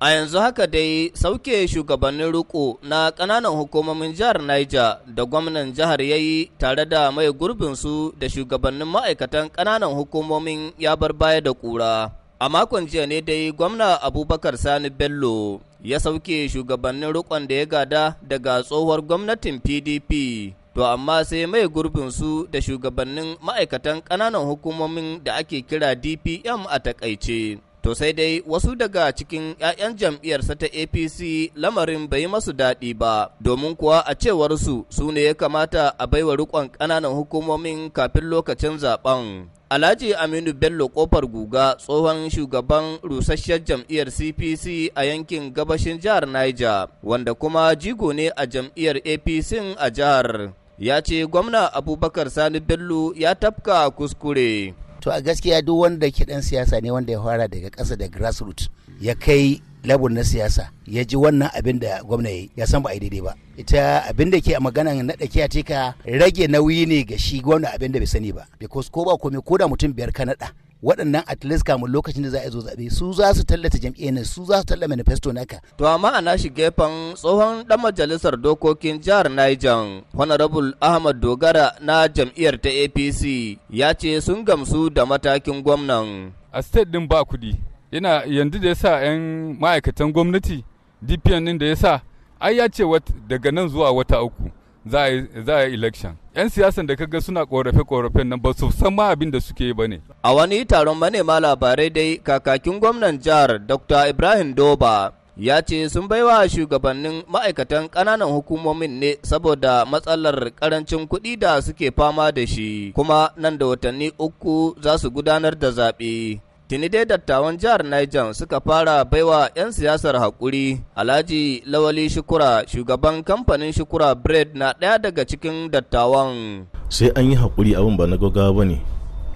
A yanzu haka dai sauke shugabannin riko na ƙananan hukumomin jihar Niger da gwamnan jihar ya yi tare da mai gurbinsu da shugabannin ma'aikatan ƙananan hukumomin ya bar baya da ƙura. A makon jiya ne dai gwamna Abubakar Sani Bello ya sauke shugabannin rikon da ya gada daga tsohuwar gwamnatin PDP. To amma sai mai gurbinsu da shugabannin ma'aikatan ƙananan hukumomin da ake kira DPM a takaice. To sai dai wasu daga cikin 'ya'yan jam'iyyarsa ta APC lamarin bai masu daɗi ba, domin kuwa a cewar su ne ya kamata a baiwa rikon ƙananan hukumomin kafin lokacin zaɓen. Alhaji Aminu Bello Kofar Guga tsohon shugaban rusasshen jam'iyyar CPC a yankin gabashin jihar Niger, wanda kuma jigo ne a jam'iyyar APC a jihar, ya ce gwamna Abubakar Sani Bello ya tafka kuskure. to a gaskiya duk wanda ke dan siyasa ne wanda ya fara daga kasa da grassroots ya kai labur na siyasa ya ji wannan abin da gwamna ya ya san ba a daidai ba ita abin da ke a magana na tsakiya a rage nauyi ne ga shi gwamna abin da bai sani ba because ko ba komai ko da mutum biyar ka naɗa waɗannan at least kamun lokacin da za a zo zaɓe su za su tallata jam'iyyar nan su za su tallata manifesto naka. To amma a nashi gefen tsohon ɗan majalisar dokokin jihar Niger Honorable Ahmad Dogara na jam'iyyar ta APC ya ce sun gamsu da matakin gwamnan. A state din ba kuɗi yana yanzu da yasa 'yan ma'aikatan gwamnati DPN din da yasa ai ya ce daga nan zuwa wata uku za a yi election. 'Yan siyasan da kaga suna korafe-korafen nan ba su san ma abin da suke yi ba ne. A wani taron manema labarai dai kakakin gwamnan jihar Dr. Ibrahim Doba ya ce sun baiwa shugabannin ma'aikatan ƙananan hukumomin ne saboda matsalar ƙarancin kuɗi da suke fama da shi kuma nan da watanni uku za su gudanar da zaɓe. Tuni dai dattawan jihar Niger suka fara baiwa 'yan siyasar haƙuri, Alhaji Lawali Shukura, shugaban kamfanin Shukura Bread na ɗaya daga cikin dattawan. Sai an yi haƙuri abin ba na gaggawa ba ne.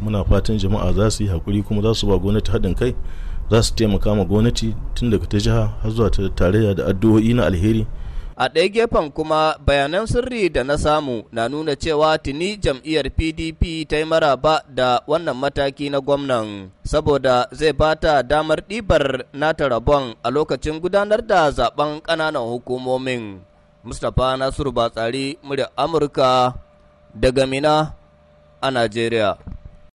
Muna fatan jama'a za su yi haƙuri kuma za su ba gwamnati haɗin kai, za su taimaka ma gwamnati tun daga ta jiha har zuwa ta tarayya da addu'o'i na alheri. A ɗaya gefen kuma bayanan sirri da na samu na nuna cewa tuni jam'iyyar PDP ta yi maraba da wannan mataki na gwamnan, saboda zai ba ta damar ɗibar nata rabon a lokacin gudanar da zaben ƙananan hukumomin. Mustapha Nasiru Batsari, murya Amurka daga Mina a Najeriya.